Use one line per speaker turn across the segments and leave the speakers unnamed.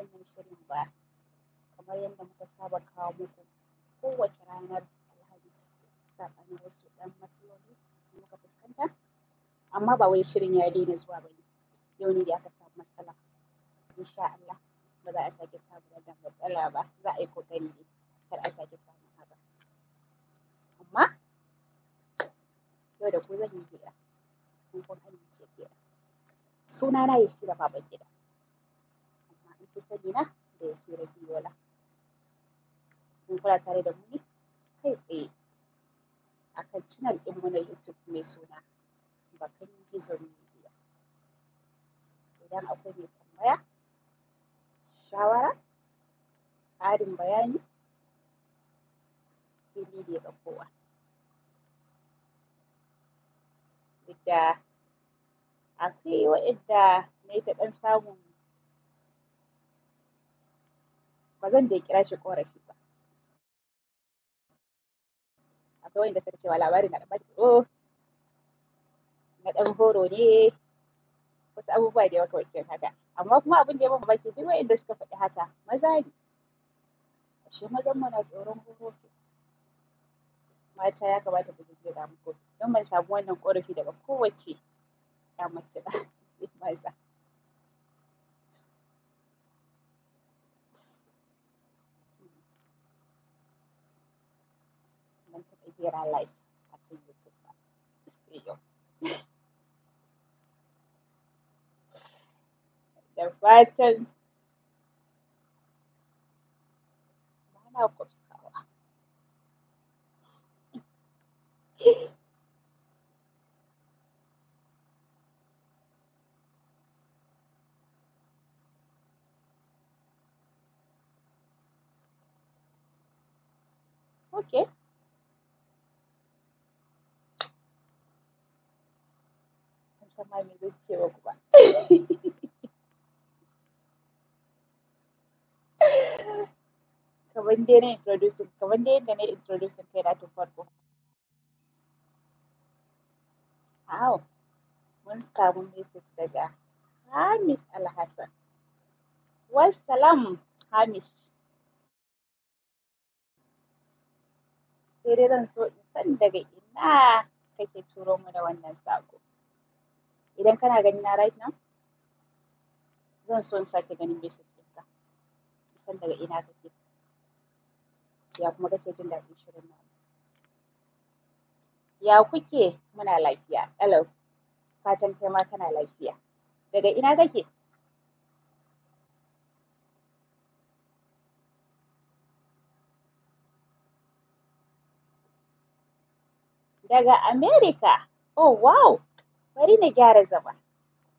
wannan shirin ba kamar yadda muka saba kawo muku kowace ranar Alhamis saɓanin wasu ɗan matsaloli da muka fuskanta amma ba wai shirin ya daina zuwa ba ne yau ne da aka samu matsala insha Allah ba za a sake samu wannan matsala ba za a yi ƙoƙari ne kar a sake samu haka amma yau da ku zan yi gida in kun amince gida suna na yi baba gida Dr. gina da ya Yasira Biyola. Kun kula tare da mu kai tsaye a kan cinar ɗinmu na YouTube mai suna Bakan Gizo Media. Idan akwai mai tambaya, shawara, ƙarin bayani, ni ne ga kowa. Duk da akwai waɗanda na yi ta ɗan samun ba zan je kira shi korafi ba akwai wanda ta cewa labari na ce Oh. na ɗan horo ne wasu abubuwa da yawa kawai haka amma kuma abin da ya bambam ce duk wa'inda suka faɗi haka maza ne ashe mazan mu na tsoron horo mata ya kamata ku je da ko don ban samu wannan ƙorafi daga kowace ya mace ba maza hiciera live aquí en YouTube. Y The fashion ma me zai ce muku ba dai na dai yadda na kai na tun farko mun samu message daga Hamis Alhassan. Wassalam Hamis. Sai dai zan so in san daga ina kake turo mu da wannan sako. idan kana gani na right now zan so in sake ganin message ɗinka san daga ina kake ya kuma kake jin daɗin shirin nan ya kuke muna lafiya hello fatan kai ma kana lafiya daga ina kake
daga America.
Oh wow! bari na gyara zama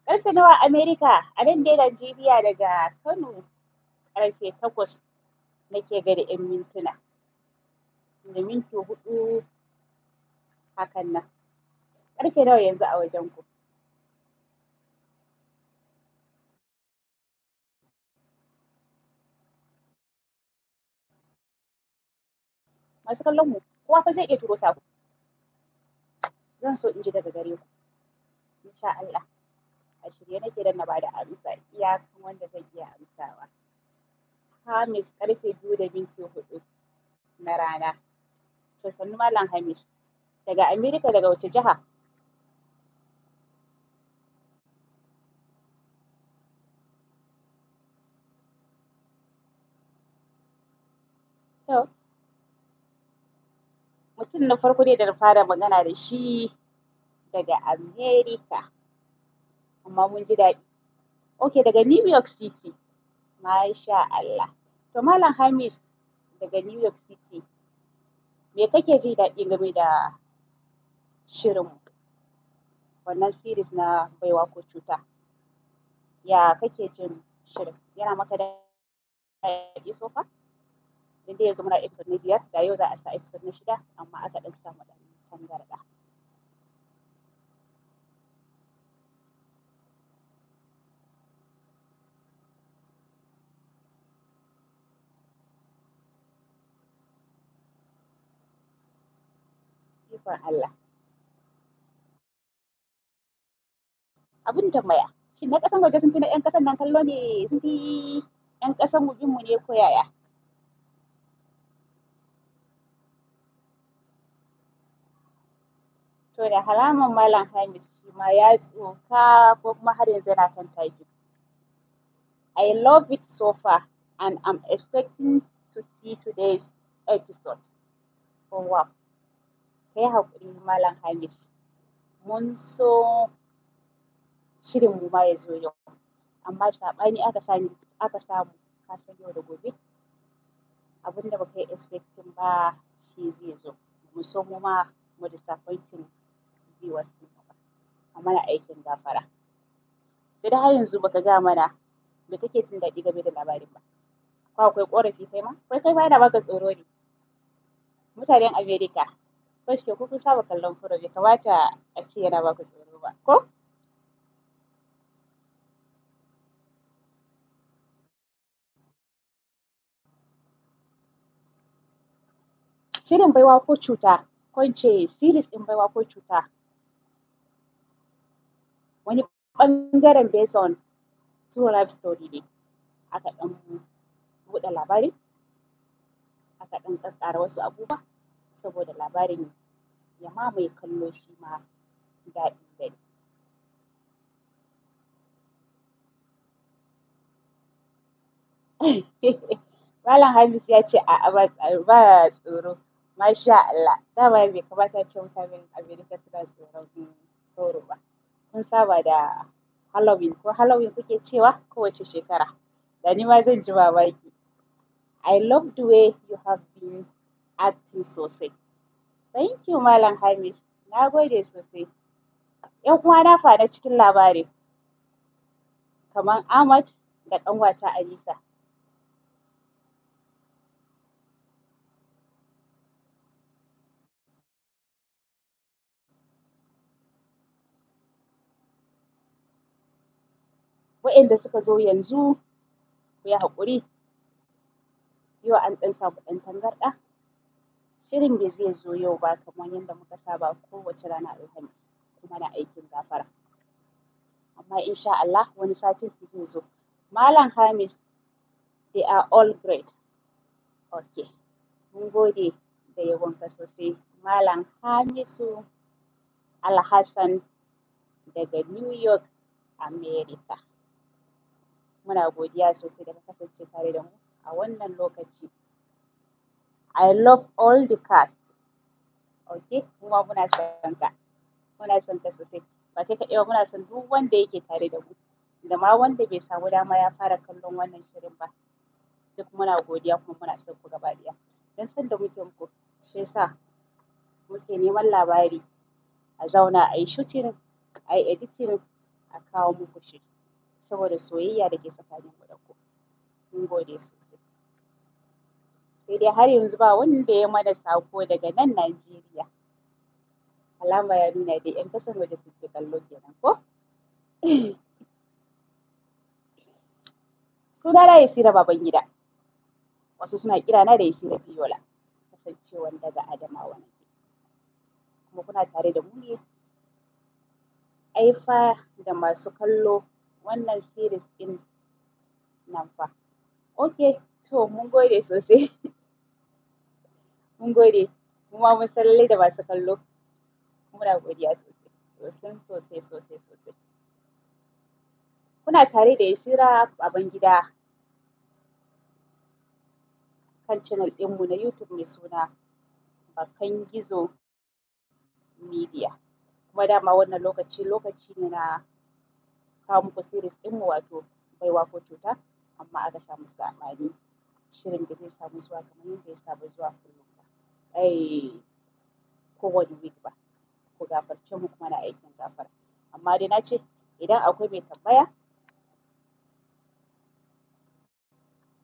karfe nawa America a nan dai Najeriya daga Kano karfe takwas nake ga da ƴan mintuna da minti huɗu hakan nan karfe nawa yanzu a wajen ku masu kallon mu kowa fa zai iya turo sako zan so in ji daga gare ku insha Allah a shirye nake dan na bada amsa iyakan wanda zan iya amsawa Hamis karfe biyu da minti hudu na rana to sannu malam Hamis daga Amerika daga wace jiha mutum na farko dai da na fara magana da shi daga America amma mun ji daɗi ok daga New York City Masha Allah to Malam Hamis daga New York City me kake ji daɗi game da shirin wannan series na baiwa ko cuta ya kake jin shirin yana maka da daɗi so far dan dai yanzu muna episode na biyar da yau za a sa episode na shida amma aka ɗan samu ɗan tangarɗa ikon Allah. Abin tambaya, shin na ƙasan waje sun fi na ƴan ƙasan nan kallo ne sun fi ƴan ƙasan mu ne ko yaya? To da haramun Malam Hamis shi ma ya tsoka ko kuma har yanzu yana kan taki. I love it so far and I'm expecting to see today's episode. Oh wow. Kai haƙuri Malam Hamis, mun so shirin mu ma ya zo yau, amma saɓani aka samu, aka samu ka san yau da gobe. Abin da baka yi ba shi zai zo. Mu so mu ma mu disappointing zai wasu A mana aikin gafara. Da da har yanzu baka ga mana da kake jin daɗi game da labarin ba. Ko akwai ƙorafi kai ma? Kai kai ba yana baka tsoro ne. Mutanen Amerika kashe ku kun saba kallon fura bai kamata a ce yana baku tsoro ba ko shirin baiwa ko cuta ko series ɗin baiwa ko cuta wani bangaren based on true life story ne aka ɗan buɗe labari aka ɗan ƙaƙƙara wasu abubuwa saboda labarin ya ma mai kallo shi ma daɗin gani Malam Hamisu ya ce a'a ba tsoro masha Allah dama bai kamata ce mutanen America suna tsoron tsoro ba Mun saba da Halloween ko Halloween kuke cewa kowace shekara da ni ma zan ji mamaki I love the way you have been acting sosai Thank you Malam Hamisu. Na gode sosai. yau kuwa na faɗa cikin labarin, kamar Ahmad da ƙanwata Alisa. Waɗanda suka zo yanzu, ku haƙuri, yau an ɗan samu ɗan tangarɗa. Shirin da zai zo yau ba kamar yadda muka saba kowace rana Alhamis kuma na aikin gafara. Amma insha Allah wani satin zai zo. Malam Hamis, they are all great. ok mun gode da ka sosai. Malam Hamisu Alhassan daga New York, America. Muna godiya sosai da ka kasance tare da mu a wannan lokaci. I love all the cast. Okay, kuma muna son ka. Muna son ka sosai. Ba kai kaɗai muna son duk wanda yake tare da mu. Da ma wanda bai samu dama ya fara kallon wannan shirin ba. Duk muna godiya kuma muna son ku gaba ɗaya. Don san da muke muku shi yasa muke neman labari a zauna a yi shooting, a yi editing, a kawo muku shi. Saboda soyayya da ke tsakanin mu da ku. Mun gode sosai. sai dai har yanzu ba wanda ya mana sako daga nan Najeriya alama ya nuna dai yan kasan waje suke kallo kenan ko suna na baban Babangida wasu suna kira na da Yasira Fiyola kasancewan daga Adamawa nake kuma kuna tare da mu ne aifa da masu kallo wannan series ɗin nan fa. Ok, to mun gode sosai. Mun gode, kuma mun san da masu kallo. Muna godiya sosai, sosai, sosai, sosai, Kuna tare da Yasira gida kan channel ɗinmu na YouTube mai suna Bakan Gizo Media. Kuma dama wannan lokaci lokaci ne na kawo muku series ɗinmu wato baiwa ko cuta amma aka samu samani Shirin da zai samu zuwa kamar yadda ya saba zuwa kullum. kowane week ba ku gafarce mu kuma na aikin gafar? amma dai na ce idan akwai mai tambaya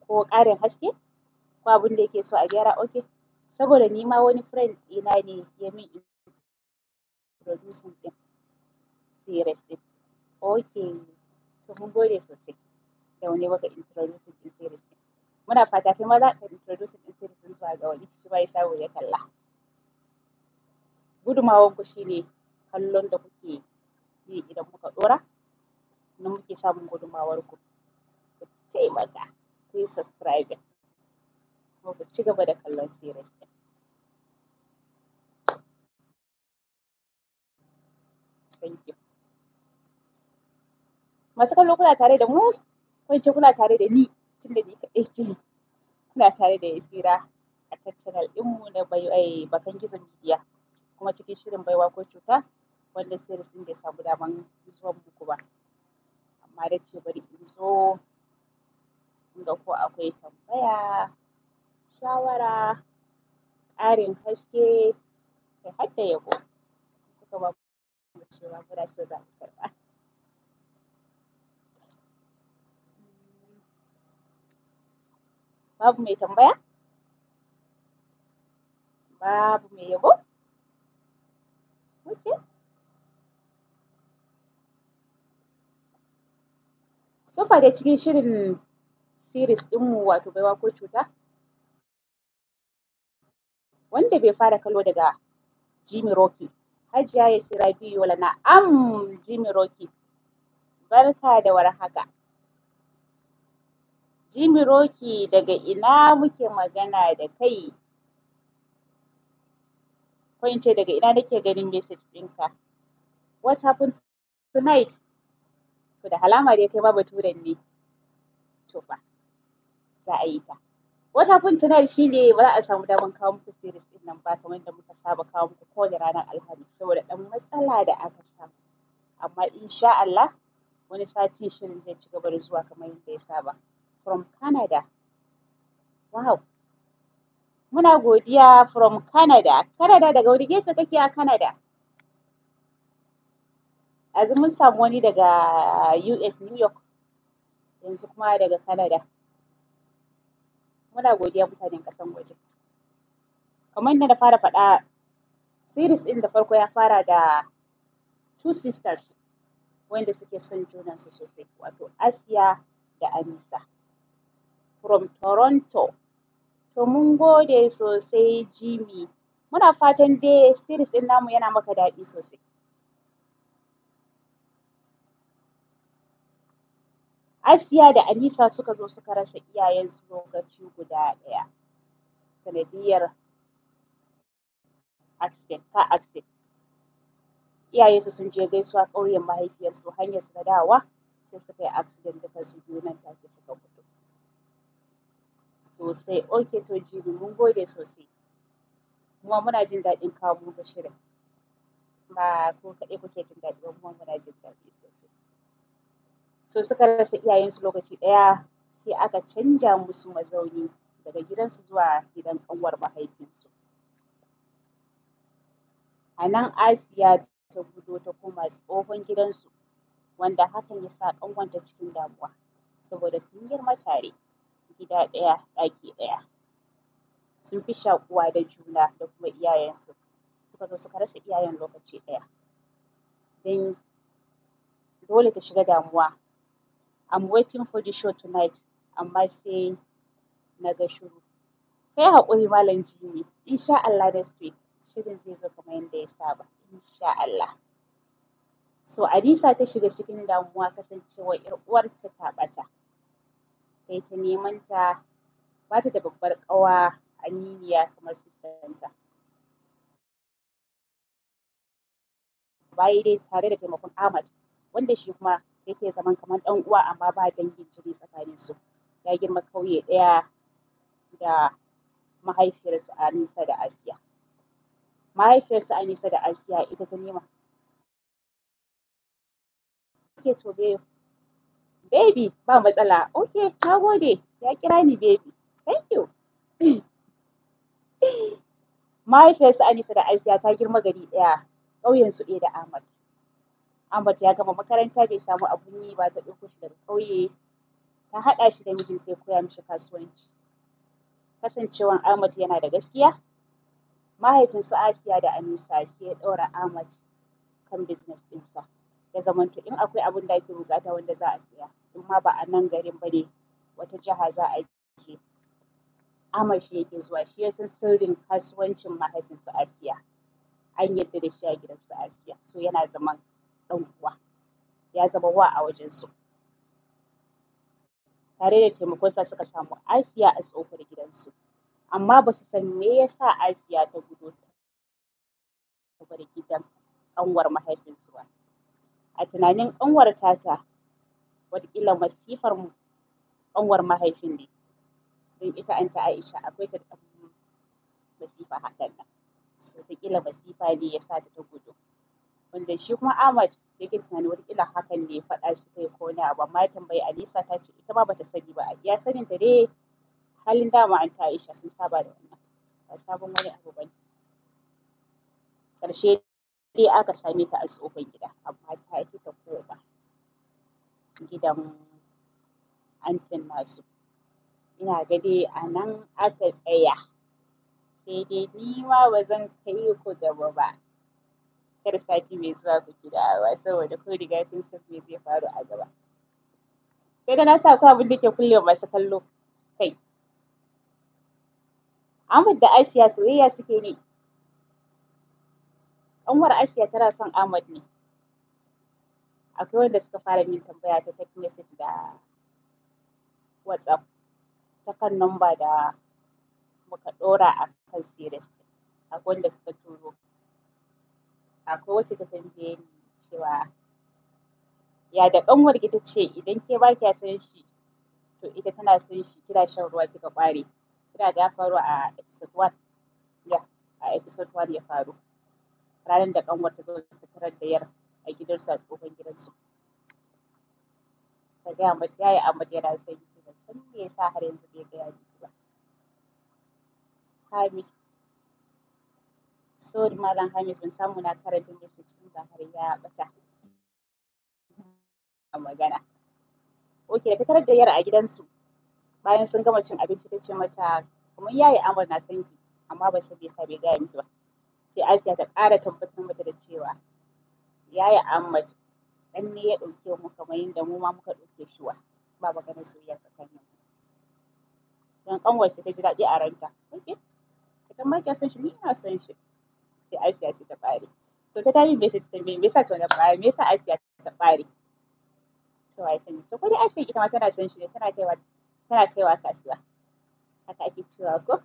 ko ƙarin haske ko abin da yake so a gyara oke saboda ni ma wani friend ina ne ya min introducing ɗin series ɗin okay to mun gode sosai da wani baka introducing din series ɗin muna fata kai ma za ka introduce din sirrin zuwa ga wani shi ma ya samu ya kalla gudumawar ku shine kallon da kuke yi idan muka ɗora nan muke samun gudumawar ku ku taimaka ku yi subscribe kuma ku ci gaba da kallon series thank you masu kallo kuna tare da mu ko ce kuna tare da ni tunda ni kaɗai ce kuna tare da Yasira a kan channel ɗinmu na eh, Bakan gizon Media kuma cikin shirin baiwa ko cuta wanda series sun bai samu daman zuwan muku ba amma da ce bari in zo inda ko akwai tambaya shawara ƙarin haske kai har da yabo kuka ba mu cewa muna so za mu karɓa babu mai tambaya babu mai yabo ok so far da cikin shirin series ɗinmu wato baiwa ko cuta wanda bai fara kallo daga Jimmy Rocky Hajiya Yasira Wala na am Jimmy Rocky barka da warhaka Jimmy Roki daga ina muke magana da kai? Ko in ce daga ina nake ganin message ɗinka? What happened tonight? To da halama dai kai ma baturen ne. To fa, za a yi ta. What happened tonight shi ne ba za a samu damar kawo muku series ɗin nan ba kamar yadda muka saba kawo muku kowane ranar Alhamis saboda ɗan matsala da aka samu. Amma insha Allah wani satin shirin zai ci gaba da zuwa kamar yadda ya saba. from Canada. Wow! Muna godiya from Canada. Canada daga wani gefe kake a Canada? Yanzu mun samu wani daga US, New York. Yanzu kuma daga Canada. Muna godiya mutanen ƙasan waje. Kamar yadda na fara faɗa, series ɗin da farko ya fara da two sisters wanda suke son junansu sosai, wato Asiya da Anisa. from Toronto. To mun gode sosai Jimmy. Muna fatan dai series ɗin namu yana maka daɗi sosai. Asiya da Anisa suka zo suka rasa iyayensu lokaci guda ɗaya sanadiyar accident car accident.
Iyayensu sun je
gaisuwa ƙauyen mahaifiyarsu hanyar su na dawa sai suka yi accident duka su biyu nan take suka mutu. sosai ok to jibi mun gode sosai kuma muna jin daɗin kawo muku shirin ba ko kaɗai kuke jin daɗi ba kuma muna jin daɗi sosai so suka rasa iyayensu lokaci ɗaya sai aka canja musu mazauni daga gidansu zuwa gidan ƙanwar mahaifinsu a nan asiya ta gudo ta koma tsohon gidansu wanda hakan ya sa ƙanwarta cikin damuwa saboda sun girma tare gida ɗaya ɗaki ɗaya sun fi shaƙuwa da juna da kuma iyayensu suka zo suka rasa iyayen lokaci ɗaya don dole ta shiga damuwa I'm waiting for the show tonight amma sai na ga shiru kai haƙuri malam jini insha Allah next week shirin zai zo kamar yadda ya saba insha Allah so Adisa ta shiga cikin damuwa kasancewa ƴar uwarta ta ɓata tayi ta neman ta bata da babbar ƙawa aminiya kamar sistan ta bayi dai tare da taimakon Ahmad wanda shi kuma yake zaman kamar ɗan uwa amma ba dangin jini tsakanin su ya girma ƙauye ɗaya da mahaifiyarsu Anisa da Asiya mahaifiyarsu Anisa da Asiya ita ta nema take tobe Baby, ba matsala. Ok, na gode. Ya kira ni baby. Thank you. Mahaifiyarsu Anisa da Asiya ta girma gari ɗaya, ƙauyen su ɗaya da Ahmad. Ahmad ya gama makaranta bai samu abun yi ba ta ɗauko shi daga ƙauye ta haɗa shi da mijin ya koya mishi kasuwanci. Kasancewan Ahmad yana da gaskiya, mahaifinsu Asiya da Anisa sai ya ɗaura Ahmad kan business ɗinsa. ya zamanto in akwai abin da ake bukata wanda za a siya in ma ba a nan garin ba ne wata jiha za a je ama yake zuwa shi ya san sirrin kasuwancin mahaifinsu asiya an yadda da shi a su asiya so yana zaman ɗan uwa ya zama wa a wajensu tare da taimakonsa suka samu asiya a tsohuwar gidansu amma ba su san me yasa asiya ta gudu ta bar gidan ƙanwar mahaifinsu ba A tunanin ƙanwar tata, wataƙila masifar ƙanwar mahaifin ne. Don ita an ta Aisha akwai ta da masifa hakan nan. So masifa ne ya sa ta ta gudu. Wanda shi kuma Ahmad ya ke tunanin wataƙila hakan ne faɗa su kai ko na abu amma ya tambayi Alisa ta ce ita ma bata sani ba. Ya sanin ta dai halin dama ta Aisha sun saba da wannan. Ba sabon wani abu bane. Ƙarshe dai eh, aka same ta a tsohon gida amma ta haifi ta ba. gidan antin nasu
ina ga dai a nan
aka tsaya sai dai ni ma ba zan kai ku gaba ba kar sati mai zuwa ku gida ba saboda ko riga kun san me zai faru a gaba sai da na sa ku abin da ke kulle masu kallo kai Ahmad da Asiya soyayya suke ne Ƙanwar Asiya tana son Ahmad ne. Akwai wanda suka fara min tambaya ta text message da WhatsApp ta kan number da muka ɗora a kan series akwai wanda suka turo. Akwai wacce ta tambaye ni cewa ya da kanwar gida ce idan ke ba kya san shi to ita tana san shi kira shan ruwa kika kware. Kira da ya faru a episode 1. Ya, a episode 1 ya faru. ranar da kanwar ta zo ta tarar da yar a gidansu a tsohon gidansu ta gaya mata yayi da yana sai ki ba san me yasa har yanzu bai gaya miki ba Hamis sorry malam Hamis ban samu na karanta su shi ba har ya bata a magana okay da ta tarar da yar a gidansu bayan sun gama cin abinci ta ce mata kuma yayi amma na san ki amma ba su bai sa bai gaya miki ba sai Asiya ta ƙara tabbatar mata da cewa
yaya Ahmad
dan ne ya ɗauke mu kamar yadda mu ma muka ɗauke shi wa ba maganar soyayya tsakanin mu dan kanwarsa ta ji daɗi a ranta okay ka san ma son shi ni ina son shi sai Asiya ta ƙare to ta tabi bai ta tambaye me yasa ta na ƙare me yasa Asiya ta ƙare to ai sani to kodai dai Asiya ita ma tana son shi ne tana kaiwa tana kaiwa kasuwa haka ake cewa ko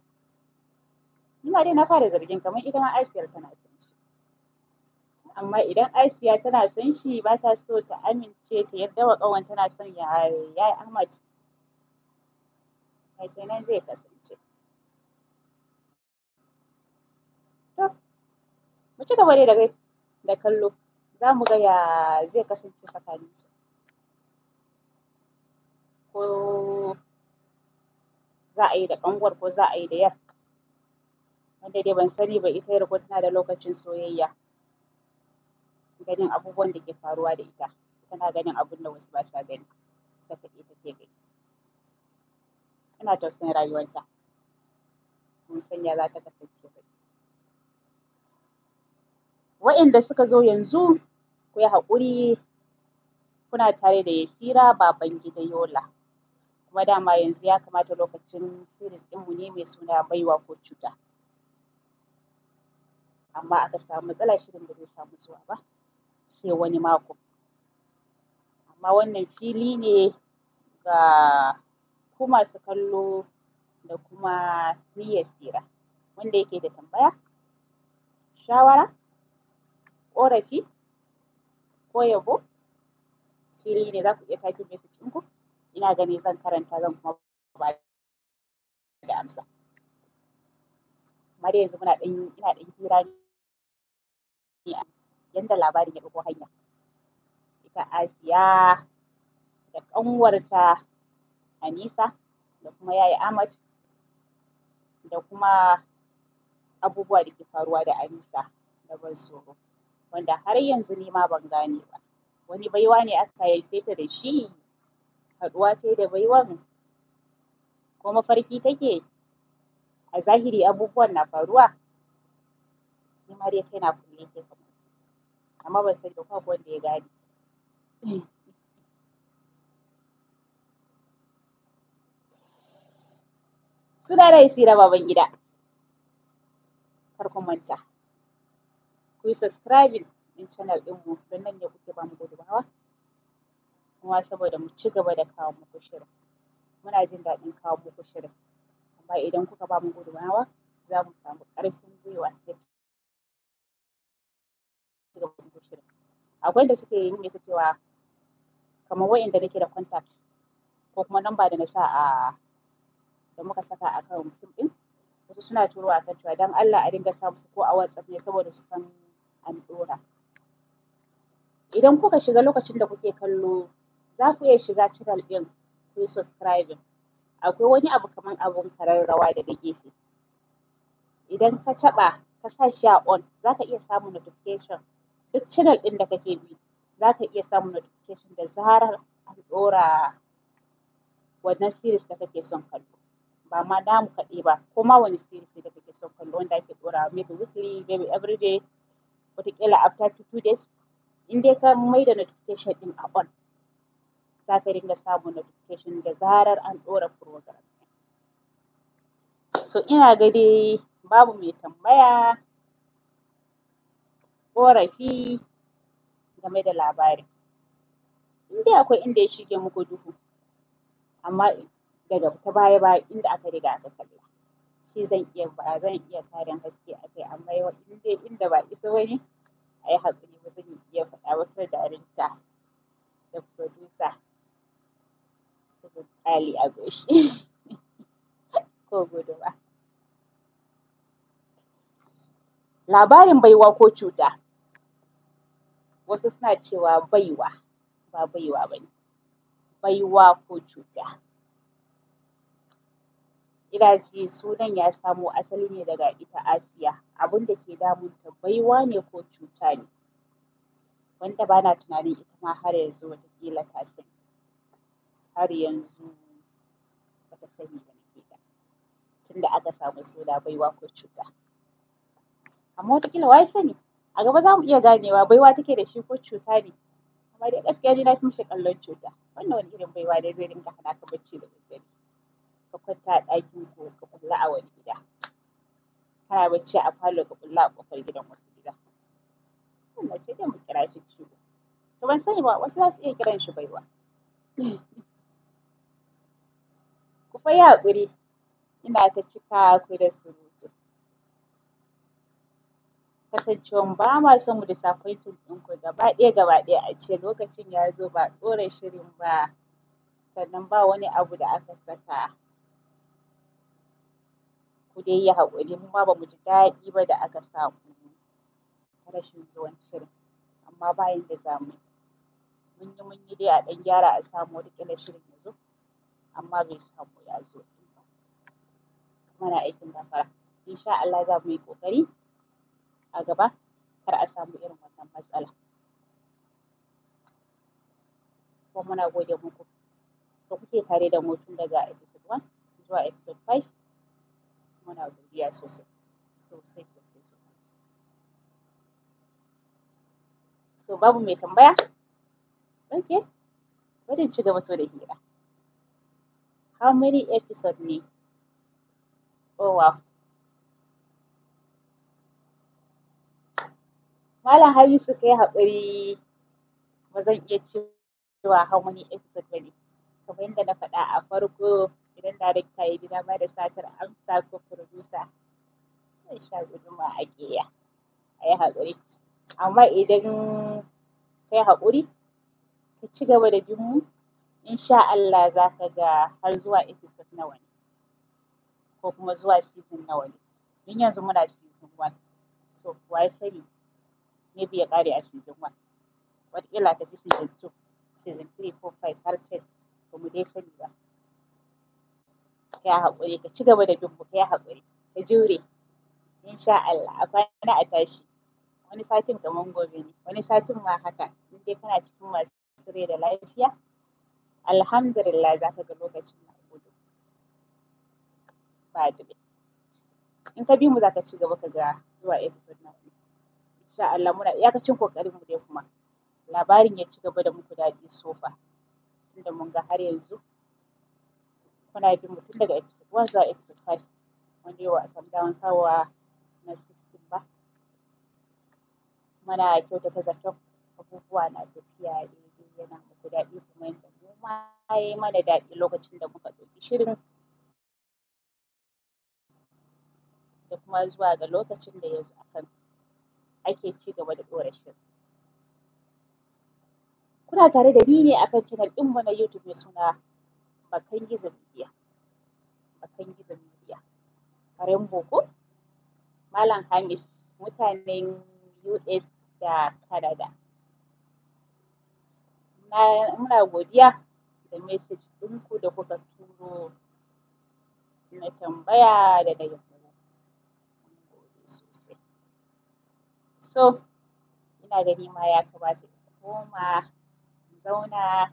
Nima dai na fara zargin kamar ita ma Aisiyar tana son shi. Amma idan Asiya tana son shi ba ta so ta amince ta yarda wa ƙawan tana son ya yi Ahmad. Ya kenan zai kasance. To, mu ci gaba dai da kallo. Za mu ga ya zai kasance tsakanin Ko za a yi da ƙanwar ko za a yi da yar. wanda dai ban sani ba ita ko tana da lokacin soyayya ganin abubuwan da ke faruwa da ita tana ganin abun da wasu ba sa gani ta ta ke gani
tana tausayin rayuwarta
mun sanya za ta kasance ba wa'inda suka zo yanzu ku yi haƙuri kuna tare da Yasira Babangida Yola kuma dama yanzu ya kamata lokacin series ɗinmu ne mai suna baiwa ko cuta amma aka samu matsala shirin da zai samu zuwa ba sai wani mako amma wannan fili ne ga ku masu kallo da kuma niyyar tsira wanda yake da tambaya shawara ƙorafi ko yabo fili ne za ku iya mai message ku ina gani zan karanta zan kuma ba da amsa amma yanzu muna ɗan ina ɗan hira ne ne yadda labarin ya ɗauko hanya ita Asiya da ƙanwarta Anisa da kuma yaye Ahmad da kuma abubuwa da ke faruwa da Anisa da ban tsoro wanda har yanzu ni ma ban gane ba wani baiwa ne aka haife ta da shi haɗuwa ce da baiwan ko mafarki take a zahiri abubuwan na faruwa ni ma dai na kulle yake kaman amma ban san ba ko akwai wanda ya rai sunana Isira Babangida kar ku manta ku yi subscribing ɗin channel ɗinmu don nan ne kuke ba mu gudunmawa kuma saboda mu ci gaba da kawo muku shirin muna jin daɗin kawo muku shirin amma idan kuka ba mu gudunmawa za mu samu ƙarfin gwiwa da akwai da suke yi nesa cewa kamar wa'inda nake da contact ko kuma namba da na sa a da muka saka a kan mutum ɗin wasu suna turo a kan cewa don Allah a dinga sa musu ko a WhatsApp ne saboda su san an ɗora idan kuka shiga lokacin da kuke kallo za ku iya shiga channel ɗin ku yi subscribing akwai wani abu kamar abun kararrawa da na gefe idan ka taɓa ka sa shi a on za ka iya samun notification duk channel ɗin da kake bi za ka iya samun notification da zarar an ɗora wannan series da kake son kallo ba ma damu kaɗai ba ko ma wani series ne da kake son kallo wanda ake dora maybe weekly maybe Day, wataƙila after two, two days in dai ka mai da notification ɗin a on za ka ringa samun notification da zarar an ɗora program so ina ga babu mai tambaya ƙorafi game da labarin in dai akwai inda ya shige muku duhu amma daga ta baya ba, inda aka riga aka kalla shi zan iya ba zan iya tarin haske a kai amma in dai inda ba isa wani, a yi haƙuri zan iya faɗa wasu da darekta da ko da tsali a goshi ko ba. labarin baiwa ko cuta wasu suna cewa baiwa ba baiwa ba ne baiwa ko cuta ina ji sunan ya samo asali ne daga ita asiya Abun da ke damunta baiwa ne ko cuta ne wanda bana tunanin ita ma har yanzu wata watakila ta sani har yanzu bata sani ba tunda aka samu suna baiwa ko cuta amma watakila wai sani a gaba za mu iya ganewa baiwa take da shi ko cuta ne amma dai gaskiya ni na fi mishi kallon cuta wannan wani irin baiwa dai zai dinga hana ka bacci da daddare ka kwanta a ɗakin ko ka kulla a wani gida kana bacci a falo ka kulla a ƙofar gidan wasu gida wannan sai dai mu kira shi ciwo to ban sani ba wasu za su iya kiran shi baiwa ku fa yi haƙuri ina ta cika ku da surutu kasancewan ba ma son mu disappointing ɗinku gaba ɗaya gaba ɗaya a ce lokacin ya zo ba ɗora shirin ba sannan ba wani abu da aka saka ku dai yi haƙuri mu ma ba mu ji daɗi ba da aka samu rashin zuwan shirin amma ba yadda za mu mun yi mun yi dai a ɗan gyara a samu wata ƙila shirin ya zo amma bai mu ya zo ba muna aikin gafara insha Allah za mu yi ƙoƙari a gaba kar a samu irin wannan matsala kuma muna gode muku da kuke tare da mu tun daga episode 1 zuwa episode 5 muna godiya sosai sosai sosai sosai so babu mai tambaya ok bari ci gaba to da hira how many episode ne oh wow Malam Hamisu kai haƙuri ba zan iya cewa how many episode bane kamar yadda na faɗa a farko idan rikta ya gida ba da satar amsa ko producer zan sha guduma a ƙeya a yi haƙuri amma idan kai haƙuri ka ci gaba da bin mu insha Allah za ka ga har zuwa episode nawa ne ko kuma zuwa season nawa ne don yanzu muna season one to wa sani maybe ya ƙare a season 1 wataƙila ta fi season 2 season 3 ko 5 har 10 ba mu dai sani ba ka yi haƙuri ka ci gaba da bin mu ka yi haƙuri ka jure insha Allah a kwana a tashi wani satin kaman gobe ne wani satin ma haka in dai kana cikin masu rai da lafiya alhamdulillah za ka ga lokacin na gudu ba dube in ka bi mu za ka ci gaba ka ga zuwa episode na insha Allah muna iyakacin kokarin mu dai kuma labarin ya ci gaba da muku daɗi sofa tunda mun ga har yanzu kuna jin mutum daga episode 1 zuwa episode 5 wanda yau a samu damar kawowa na cikin ba muna kyautata zaton abubuwa na tafiya daidai yana muku daɗi kuma yanzu mu ma yi mana daɗi lokacin da muka ɗauki shirin da kuma zuwa ga lokacin da ya zo akan ake ci gaba da ɗora shirin. Kuna tare da ni ne akan canal ɗinmu na YouTube mai suna Bakan Gizo Media. Bakan Gizo Media. Karen Boko, Malam Hamis, mutanen US da Canada. Muna godiya da message ɗinku da kuka turo na tambaya da na So ina gani ma ya kamata in koma in zauna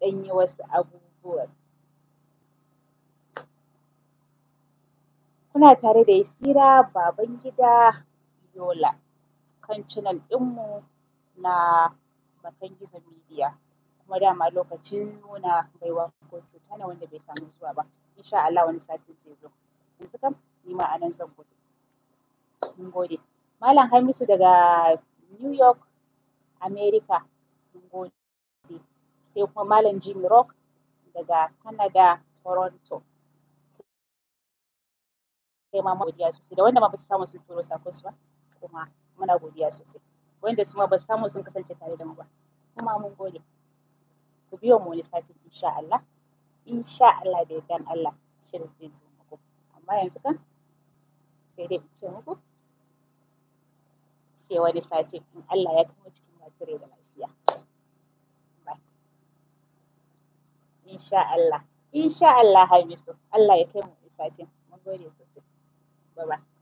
in ɗan yi wasu abubuwa Kuna tare da Yasira Babangida Yola kan canal ɗinmu na Matan Gizo Media kuma dama lokacin nuna baiwa ko kyauta wanda bai samu zuwa ba. insha Allah wani satin zai zo. Yanzu kam ni ma anan zan zan mun gode malam hamisu daga new york america mun gode sai kuma malam Jim rock daga canada toronto sai ma godiya sosai da wanda ma ba su samu sun turo sakon su ba kuma muna godiya sosai wanda su ma ba su samu sun kasance tare da mu ba kuma mun gode ku biyo mu wani sati insha Allah insha Allah da yardan Allah shirin zai zo muku amma yanzu kan sai dai in ce muku sai wani satin in Allah ya kuma cikin masu rai da lafiya. Insha Allah, insha Allah Hamisu, Allah ya kai mu satin, mun gode sosai. Bye bye.